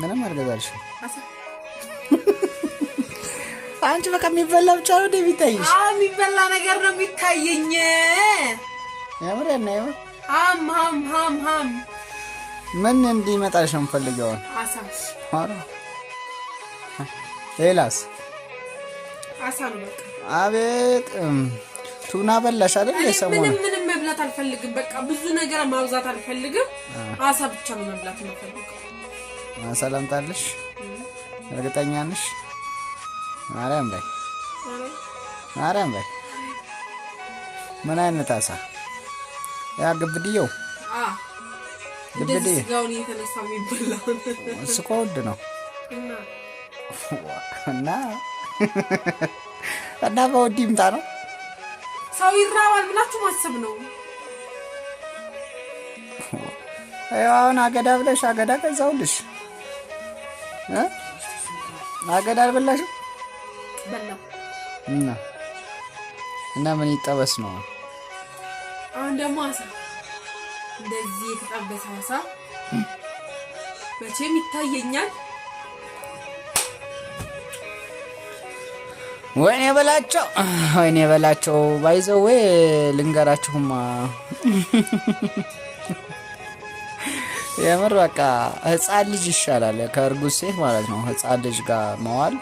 ምንም አልገዛልሽ። አንቺ በቃ የሚበላ ብቻ ነው እንደሚታይሽ። የሚበላ ነገር ነው የሚታየኝ። ያምር ያና ይሆን ሀም ሀም ሀም ሀም ምን እንዲመጣልሽ ነው የምፈልገው? ሌላስ? አቤት ቱና በላሽ አይደል? የሰሞኑን ማብዛት አልፈልግም። በቃ ብዙ ነገር ማብዛት አልፈልግም። አሳ ብቻ ነው መብላት የምፈልገው። ሰላምታለሽ ጣለሽ፣ እርግጠኛ ነሽ? ማርያም ላይ ማርያም ላይ ምን አይነት አሳ? ያ ግብድየው ግብድየ ስጋውን እሱ እኮ ውድ ነው እና እና በውድ ይምጣ ነው ሰው ይራባል ብላችሁ ማሰብ ነው። አሁን አገዳ ብለሽ አገዳ ገዛሁልሽ። አገዳ አልበላሽም እና እና ምን ይጠበስ ነው? አሁን ደግሞ አሳ እንደዚህ የተጠበሰ አሳ መቼም ይታየኛል። ወይኔ በላቸው፣ ወይኔ በላቸው። ወይ ልንገራችሁማ የምር በቃ ህፃን ልጅ ይሻላል ከእርጉዝ ሴት ማለት ነው። ህፃን ልጅ ጋር መዋል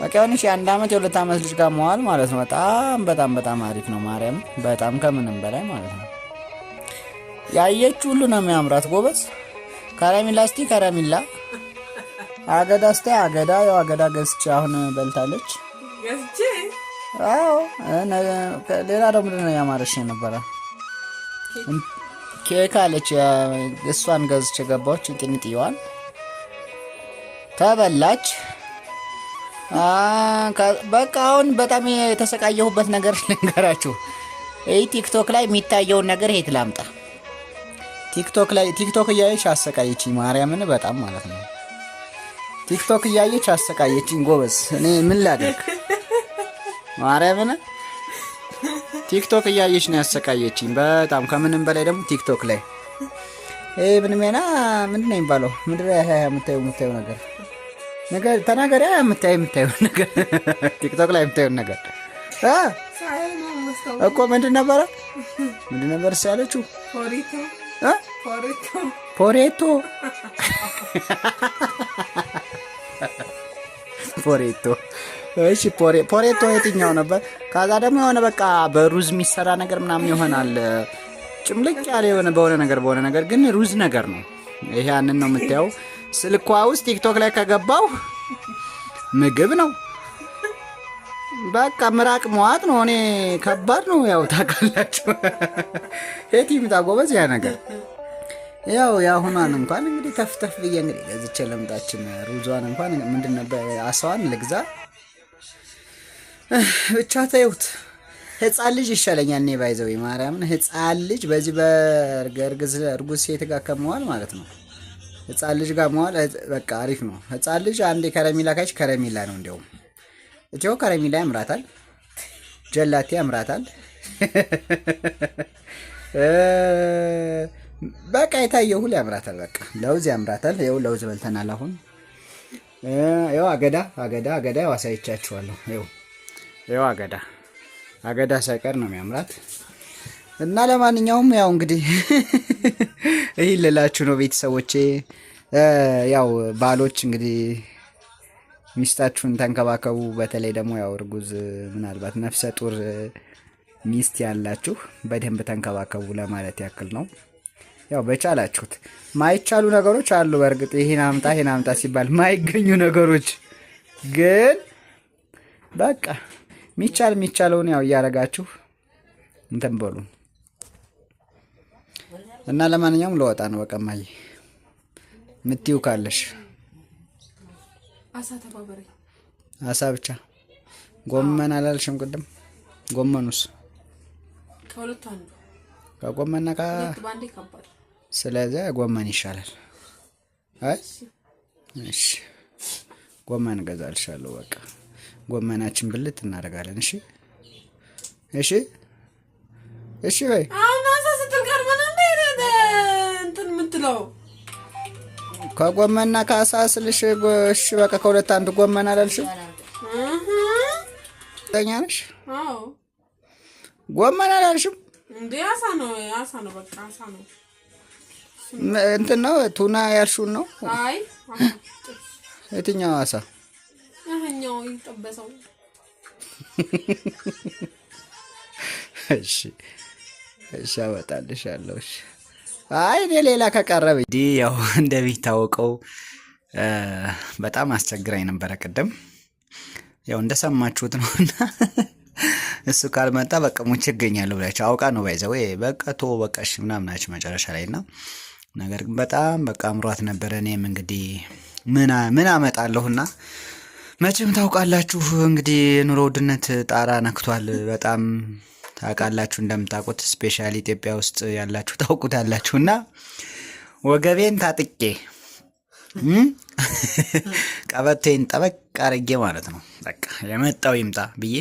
በቃ የሆነች የአንድ ዓመት የሁለት ዓመት ልጅ ጋር መዋል ማለት ነው። በጣም በጣም በጣም አሪፍ ነው። ማርያም በጣም ከምንም በላይ ማለት ነው። ያየች ሁሉ ነው የሚያምራት። ጎበዝ ከረሚላ እስቲ ከረሚላ፣ አገዳ እስቲ አገዳ። ያው አገዳ ገዝቼ አሁን በልታለች። ሌላ ደግሞ ነው ያማረሽ ነበረ? ኬክ አለች። እሷን ገዝቼ ገባች። ቅንጥዋን ተበላች። በቃ አሁን በጣም የተሰቃየሁበት ነገር ልንገራችሁ። ይህ ቲክቶክ ላይ የሚታየውን ነገር የት ላምጣ? ቲክቶክ ላይ ቲክቶክ እያየች አሰቃየች። ማርያምን በጣም ማለት ነው። ቲክቶክ እያየች አሰቃየችኝ ጎበዝ። እኔ ምን ላደርግ ማርያምን ቲክቶክ እያየች ነው ያሰቃየችኝ። በጣም ከምንም በላይ ደግሞ ቲክቶክ ላይ ይህ ብንሜና ምንድን ነው የሚባለው? ምንድን ነው የምታየው የምታየው ነገር ነገር ተናገሪ። የምታየው የምታዩ ነገር ቲክቶክ ላይ የምታዩ ነገር እኮ ምንድን ነበረ ምንድን ነበር ያለችው? ፖሬቶ ፖሬቶ እሺ ፖሬ ፖሬቶ የትኛው ነበር? ከዛ ደግሞ የሆነ በቃ በሩዝ የሚሰራ ነገር ምናምን ይሆናል። ጭምልቅ ያለ የሆነ በሆነ ነገር በሆነ ነገር ግን ሩዝ ነገር ነው። ይሄ ያንን ነው የምታየው። ስልኳ ውስጥ ቲክቶክ ላይ ከገባው ምግብ ነው። በቃ ምራቅ መዋጥ ነው። እኔ ከባድ ነው። ያው ታውቃላችሁ፣ የት ይምጣ ጎበዝ ያ ነገር ያው የአሁኗን እንኳን እንግዲህ ተፍተፍ ብዬ እንግዲህ ገዝቼ ለምጣችን ሩዟን እንኳን ምንድን ነበር አሳዋን ልግዛ ብቻ ተይውት። ህፃን ልጅ ይሻለኛል። እኔ ባይዘው ማርያምን ህፃን ልጅ በዚህ በእርጉዝ ሴት ጋር ከመዋል ማለት ነው ህፃን ልጅ ጋር መዋል በቃ አሪፍ ነው። ህፃን ልጅ አንዴ ከረሚላ ካች ከረሚላ ነው። እንዲያውም እቸው ከረሚላ ያምራታል፣ ጀላቴ ያምራታል። በቃ የታየው ሁሉ ያምራታል። በቃ ለውዝ ያምራታል። ይኸው ለውዝ በልተናል። አሁን ይኸው አገዳ አገዳ አገዳ ያው አሳይቻችኋለሁ ይኸው ይኸው አገዳ አገዳ ሳይቀር ነው የሚያምራት። እና ለማንኛውም ያው እንግዲህ ይህ ልላችሁ ነው ቤተሰቦቼ። ያው ባሎች እንግዲህ ሚስታችሁን ተንከባከቡ። በተለይ ደግሞ ያው እርጉዝ ምናልባት ነፍሰ ጡር ሚስት ያላችሁ በደንብ ተንከባከቡ ለማለት ያክል ነው። ያው በቻላችሁት ማይቻሉ ነገሮች አሉ። በእርግጥ ይሄን አምጣ ይሄን አምጣ ሲባል ማይገኙ ነገሮች ግን በቃ ሚቻል የሚቻለውን ያው እያደረጋችሁ እንትን በሉ እና ለማንኛውም ለወጣ ነው። በቃ እማዬ ምትይው ካለሽ አሳ ብቻ ጎመን አላልሽም ቅድም? ጎመኑስ ከጎመን ቃ ስለዚያ ጎመን ይሻላል። አይ እሺ ጎመን እገዛልሻለሁ በቃ ጎመናችን ብልት እናደርጋለን። እሺ እሺ እሺ። በይ ከጎመና ከአሳ ስልሽ እሺ፣ በቃ ከሁለት አንድ ጎመን አላልሽም? ጠኛ ነሽ? ጎመን አላልሽም? እንዴ አሳ ነው፣ አሳ ነው፣ በቃ አሳ ነው። እንትን ነው ቱና ያልሽውን ነው። የትኛው አሳ ያኛው ይጠበሰው። እሺ እሺ፣ አመጣልሻለሁ። እሺ። አይ እኔ ሌላ ከቀረበ እንዲህ ያው እንደሚታወቀው በጣም አስቸግራኝ ነበረ ቅድም ያው እንደሰማችሁት ነው እና እሱ ካልመጣ በቃ ሙቼ እገኛለሁ ብላችሁ አውቃ ነው ባይዘ በቃ ቶ በቃ እሺ ምናምን ናችሁ መጨረሻ ላይ እና ነገር ግን በጣም በቃ አምሯት ነበረ። እኔም እንግዲህ ምን አመጣለሁና መቼም ታውቃላችሁ እንግዲህ የኑሮ ውድነት ጣራ ነክቷል። በጣም ታውቃላችሁ፣ እንደምታውቁት ስፔሻሊ ኢትዮጵያ ውስጥ ያላችሁ ታውቁታላችሁ። እና ወገቤን ታጥቄ ቀበቴን ጠበቅ አርጌ ማለት ነው በቃ የመጣው ይምጣ ብዬ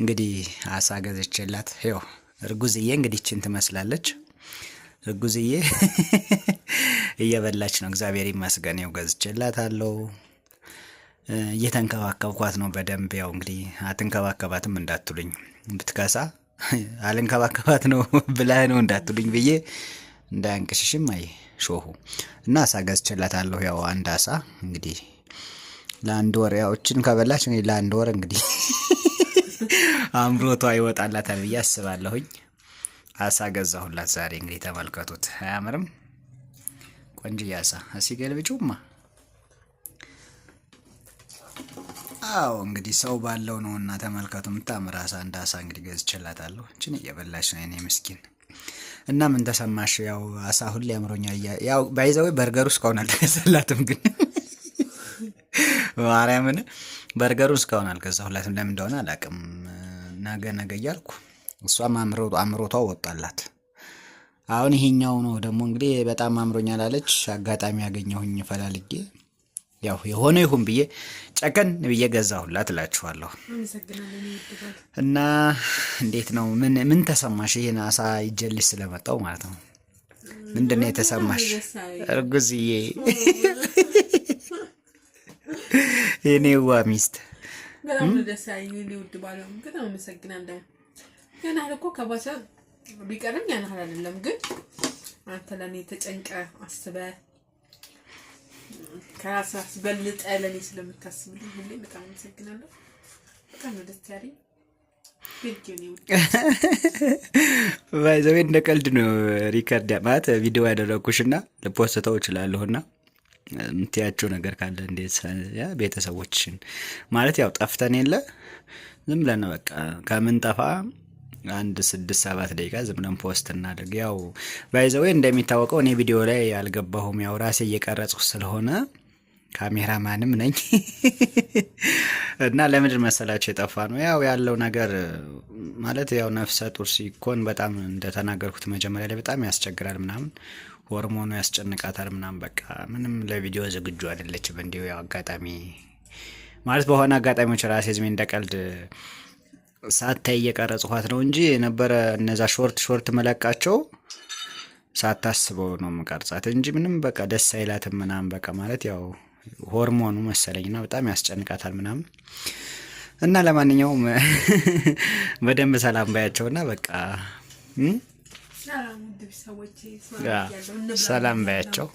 እንግዲህ አሳ ገዝቼላት ይኸው እርጉዝዬ እንግዲህ ችን ትመስላለች። እርጉዝዬ እየበላች ነው። እግዚአብሔር ይመስገን። ይኸው ገዝቼላት አለው እየተንከባከብኳት ነው በደንብ ያው እንግዲህ አትንከባከባትም እንዳትሉኝ ብትከሳ አልንከባከባት ነው ብላህ ነው እንዳትሉኝ ብዬ እንዳያንቅሽሽም አይ ሾሁ እና አሳ ገዝቼላታለሁ። ያው አንድ አሳ እንግዲህ ለአንድ ወር ያዎችን ከበላች እኔ ለአንድ ወር እንግዲህ አምሮቷ ይወጣላታል ብዬ አስባለሁኝ። አሳ ገዛሁላት ዛሬ እንግዲህ ተመልከቱት። አያምርም? ቆንጅዬ አሳ እሲ ገልብጩማ አዎ እንግዲህ ሰው ባለው ነው እና ተመልከቱ። ምታም ራሳ እንደ አሳ እንግዲህ ገዝቼላታለሁ። እችን እየበላች ነው የኔ ምስኪን። እና ምን ተሰማሽ? ያው አሳ ሁሌ አምሮኛ ያው ባይዘዌ በርገሩ እስካሁን አልተገዛላትም፣ ግን ማርያምን በርገሩ እስካሁን አልገዛሁላትም። ለምን እንደሆነ አላቅም። ነገ ነገ እያልኩ እሷም አምሮቷ ወጣላት። አሁን ይሄኛው ነው ደግሞ እንግዲህ በጣም አምሮኛ ላለች አጋጣሚ ያገኘሁኝ ፈላልጌ ያው የሆነ ይሁን ብዬ ጨከን ብዬ ገዛሁላት እላችኋለሁ። እና እንዴት ነው ምን ምን ተሰማሽ? ይህን አሳ ይጀልሽ ስለመጣው ማለት ነው ምንድን ነው የተሰማሽ እርጉዝዬ? የኔዋ ሚስት በጣም ደስ ቢቀርም ያን ያህል አይደለም፣ ግን አንተ ለእኔ ተጨንቀ አስበ ከራስህ በልጠህ ለእኔ ስለምታስብልኝ ሁሌም በጣም አመሰግናለሁ። በጣም ደስ ያለኝ። ባይዘዌ እንደ ቀልድ ነው ሪከርድ ማለት ቪዲዮ ያደረግኩሽ ያደረግኩሽና ልፖስተው እችላለሁና የምትያቸው ነገር ካለ እንዴት ቤተሰቦችን ማለት ያው ጠፍተን የለ ዝም ብለን በቃ ከምንጠፋ አንድ ስድስት ሰባት ደቂቃ ዝም ፖስት እናድርግ። ያው ባይዘወይ እንደሚታወቀው እኔ ቪዲዮ ላይ አልገባሁም። ያው ራሴ እየቀረጽኩ ስለሆነ ካሜራማንም ነኝ እና ለምድር መሰላቸው የጠፋ ነው ያው ያለው ነገር ማለት ያው ነፍሰ ጡር ሲኮን በጣም እንደተናገርኩት መጀመሪያ ላይ በጣም ያስቸግራል ምናምን ሆርሞኑ ያስጨንቃታል ምናምን በቃ ምንም ለቪዲዮ ዝግጁ አይደለችም። እንዲሁ ያው አጋጣሚ ማለት በሆነ አጋጣሚዎች ራሴ ዝሜ እንደቀልድ ሳታይ እየቀረጽኋት ነው እንጂ የነበረ እነዛ ሾርት ሾርት መለቃቸው ሳታስበው ነው የምቀርጻት እንጂ ምንም በቃ ደስ አይላትም ምናምን በቃ ማለት ያው ሆርሞኑ መሰለኝና በጣም ያስጨንቃታል ምናምን እና ለማንኛውም በደንብ ሰላም ባያቸውና በቃ ሰላም ባያቸው።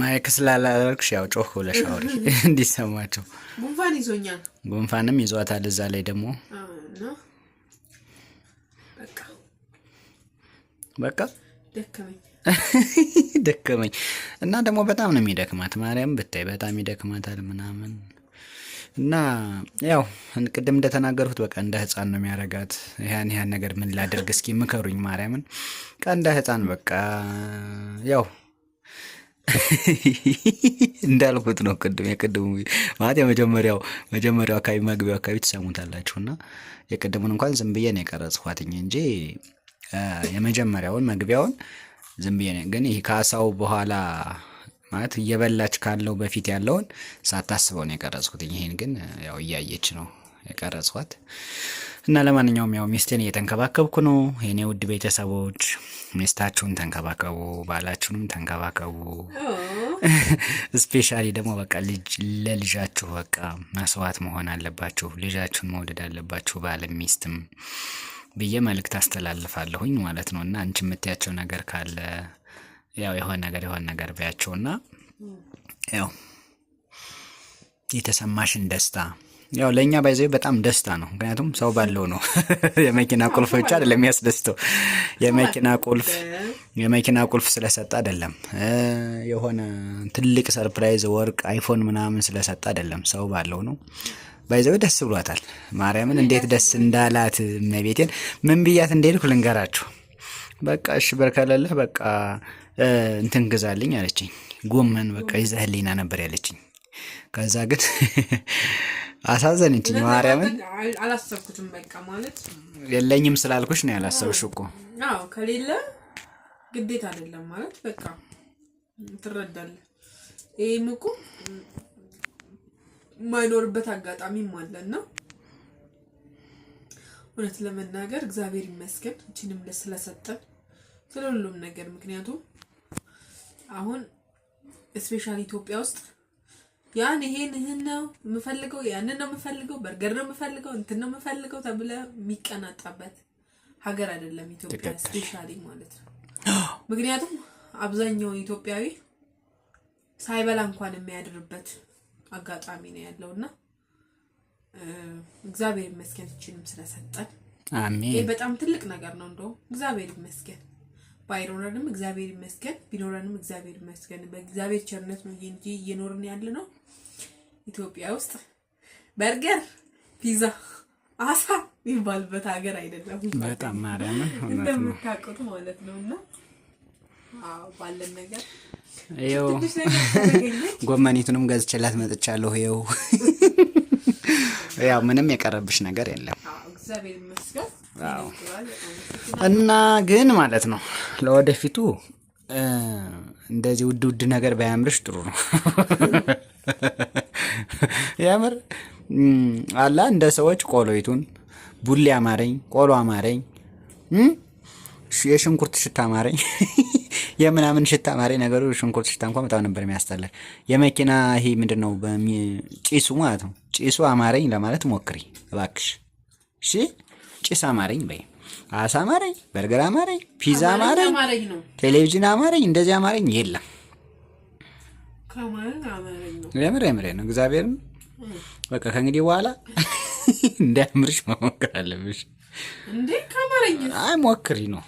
ማይክ ስላላረግሽ ያው ጮህ ብለሽ አውሪ እንዲሰማቸው። ጉንፋን ይዞኛል፣ ጉንፋንም ይዟታል። እዛ ላይ ደግሞ በቃ ደከመኝ እና ደግሞ በጣም ነው የሚደክማት ማርያም ብታይ በጣም ይደክማታል ምናምን እና ያው ቅድም እንደተናገርኩት በቃ እንደ ህፃን ነው የሚያረጋት። ያን ያን ነገር ምን ላደርግ እስኪ ምከሩኝ ማርያምን። ቃ እንደ ህፃን በቃ ያው እንዳልኩት ነው። ቅድም የቅድሙ ማለት የመጀመሪያው መጀመሪያው አካባቢ መግቢያው አካባቢ ትሰሙታላችሁ እና የቅድሙን እንኳን ዝም ብዬ ነው የቀረጽኳትኝ እንጂ የመጀመሪያውን መግቢያውን ዝም ብዬ ነው ግን ይህ ከአሳው በኋላ ማለት እየበላች ካለው በፊት ያለውን ሳታስበው ነው የቀረጽኩት። ይሄን ግን ያው እያየች ነው የቀረጽኳት እና ለማንኛውም ያው ሚስቴን እየተንከባከብኩ ነው። የኔ ውድ ቤተሰቦች ሚስታችሁን ተንከባከቡ፣ ባላችሁንም ተንከባከቡ። ስፔሻሊ ደግሞ በቃ ልጅ ለልጃችሁ በቃ መስዋዕት መሆን አለባችሁ። ልጃችሁን መውደድ አለባችሁ፣ ባልም ሚስትም ብዬ መልእክት አስተላልፋለሁኝ ማለት ነው እና አንቺ የምትያቸው ነገር ካለ ያው የሆነ ነገር የሆነ ነገር ቢያቸውና ያው የተሰማሽን ደስታ ያው ለእኛ ባይዘ በጣም ደስታ ነው። ምክንያቱም ሰው ባለው ነው። የመኪና ቁልፍ ብቻ አይደለም የሚያስደስተው። የመኪና ቁልፍ የመኪና ቁልፍ ስለሰጠ አይደለም፣ የሆነ ትልቅ ሰርፕራይዝ ወርቅ፣ አይፎን ምናምን ስለሰጠ አይደለም። ሰው ባለው ነው። ባይዘዊ ደስ ብሏታል። ማርያምን እንዴት ደስ እንዳላት እመቤቴን ምን ብያት እንደሄድኩ ልንገራችሁ። በቃ እሺ በር ከሌለህ በቃ እንትን ግዛልኝ አለችኝ። ጎመን በቃ ይዘህልኝና ነበር ያለችኝ። ከዛ ግን አሳዘነችኝ። ማርያምን አላሰብኩትም። በቃ ማለት የለኝም ስላልኩሽ ነው ያላሰብሽ እኮ ከሌለ ግዴታ አይደለም ማለት በቃ ትረዳለህ። ይህም እኮ የማይኖርበት አጋጣሚም ነው እውነት ለመናገር እግዚአብሔር ይመስገን እችንም ስለሰጠን ስለ ነገር ምክንያቱም አሁን ስፔሻል ኢትዮጵያ ውስጥ ያን ይሄን ይህን ነው የምፈልገው፣ ያንን ነው የምፈልገው፣ በርገር ነው የምፈልገው፣ እንትን ነው የምፈልገው ተብለ የሚቀናጣበት ሀገር አይደለም ኢትዮጵያ ስፔሻሊ ማለት ነው። ምክንያቱም አብዛኛው ኢትዮጵያዊ ሳይበላ እንኳን የሚያድርበት አጋጣሚ ነው ያለው እና እግዚአብሔር ይመስገን ይችንም ስለሰጠን ይህ በጣም ትልቅ ነገር ነው። እንደውም እግዚአብሔር ይመስገን ባይኖረንም እግዚአብሔር ይመስገን፣ ቢኖረንም እግዚአብሔር ይመስገን። በእግዚአብሔር ቸርነት ነው እንጂ እየኖርን ያለ ነው ኢትዮጵያ ውስጥ በርገር፣ ፒዛ፣ አሳ የሚባልበት ሀገር አይደለም። በጣም ማርያም እንደምታውቁት ማለት ነው እና ባለን ነገር ይኸው ጎመኒቱንም ገዝቼላት መጥቻለሁ ይኸው ያው ምንም የቀረብሽ ነገር የለም እና ግን ማለት ነው ለወደፊቱ እንደዚህ ውድ ውድ ነገር ባያምርሽ ጥሩ ነው። ያምር አለ እንደ ሰዎች ቆሎይቱን ቡሌ አማረኝ፣ ቆሎ አማረኝ፣ የሽንኩርት ሽታ አማረኝ፣ የምናምን ሽታ አማረኝ። ነገሩ ሽንኩርት ሽታ እንኳን በጣም ነበር የሚያስጠላል። የመኪና ይሄ ምንድን ነው ጭሱ ማለት ነው ጭሱ አማረኝ ለማለት ሞክሪ እባክሽ። እሺ ጭስ አማረኝ በይ፣ አሳ አማረኝ፣ በርገር አማረኝ፣ ፒዛ አማረኝ፣ ቴሌቪዥን አማረኝ፣ እንደዚህ አማረኝ የለም። የምር የምር ነው እግዚአብሔር። በቃ ከእንግዲህ በኋላ እንዳያምርሽ መሞክር አለብሽ። አይ ሞክሪ ነው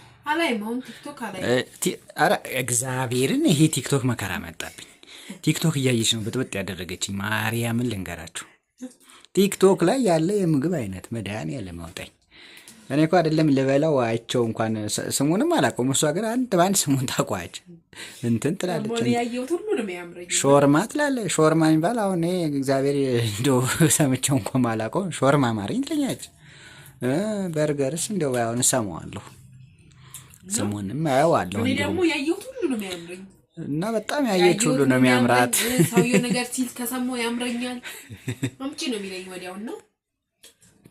እግዚአብሔርን። ይሄ ቲክቶክ መከራ መጣብኝ። ቲክቶክ እያየች ነው በጥበጥ ያደረገችኝ። ማርያምን ልንገራችሁ ቲክቶክ ላይ ያለ የምግብ አይነት መድኃኒዓለም አውጣኝ። እኔ እኮ አይደለም ልበላው አያቸው እንኳን ስሙንም አላውቀውም። እሷ ግን አንድ በአንድ ስሙን ታውቋች እንትን ትላለች። ሾርማ ትላለች። ሾርማ የሚባል አሁን እግዚአብሔር እንዲ ሰምቼው እንኳን አላውቀውም። ሾርማ ማሪኝ ትለኛች። በርገርስ እንደው ባይሆን እሰማዋለሁ፣ ስሙንም አየዋለሁ። ደግሞ ያየሁት ሁሉ ነው የሚያምረኝ እና በጣም ያየች ሁሉ ነው የሚያምራት። ሰውዬው ነገር ሲል ከሰማሁ ያምረኛል አምጪ ነው የሚለኝ ወዲያውን ነው።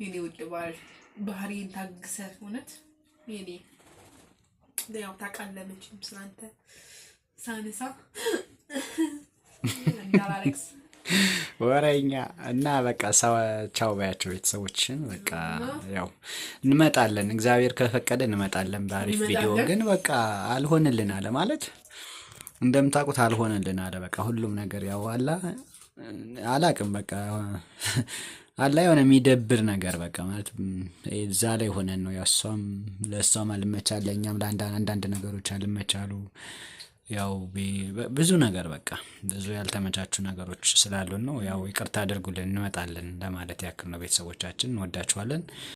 የኔ ውድ ባል ባህሪን ታግሰ እውነት የኔ ያው ታውቃለህ መቼም ስለአንተ ሳነሳ እንዳላለቅስ ወሬኛ እና በቃ ቻው ባያቸው ቤተሰቦችን። በቃ ያው እንመጣለን፣ እግዚአብሔር ከፈቀደ እንመጣለን በአሪፍ ቪዲዮ። ግን በቃ አልሆንልን አለ ማለት እንደምታውቁት አልሆነልን አለ። በቃ ሁሉም ነገር ያው አላ አላቅም በቃ አላ የሆነ የሚደብር ነገር በቃ ማለት እዛ ላይ ሆነን ነው። ያሷም ለእሷም አልመቻል፣ ለእኛም ለአንዳንድ ነገሮች አልመቻሉ፣ ያው ብዙ ነገር በቃ ብዙ ያልተመቻቹ ነገሮች ስላሉን ነው። ያው ይቅርታ አድርጉልን፣ እንመጣለን ለማለት ያክል ነው። ቤተሰቦቻችን እንወዳችኋለን።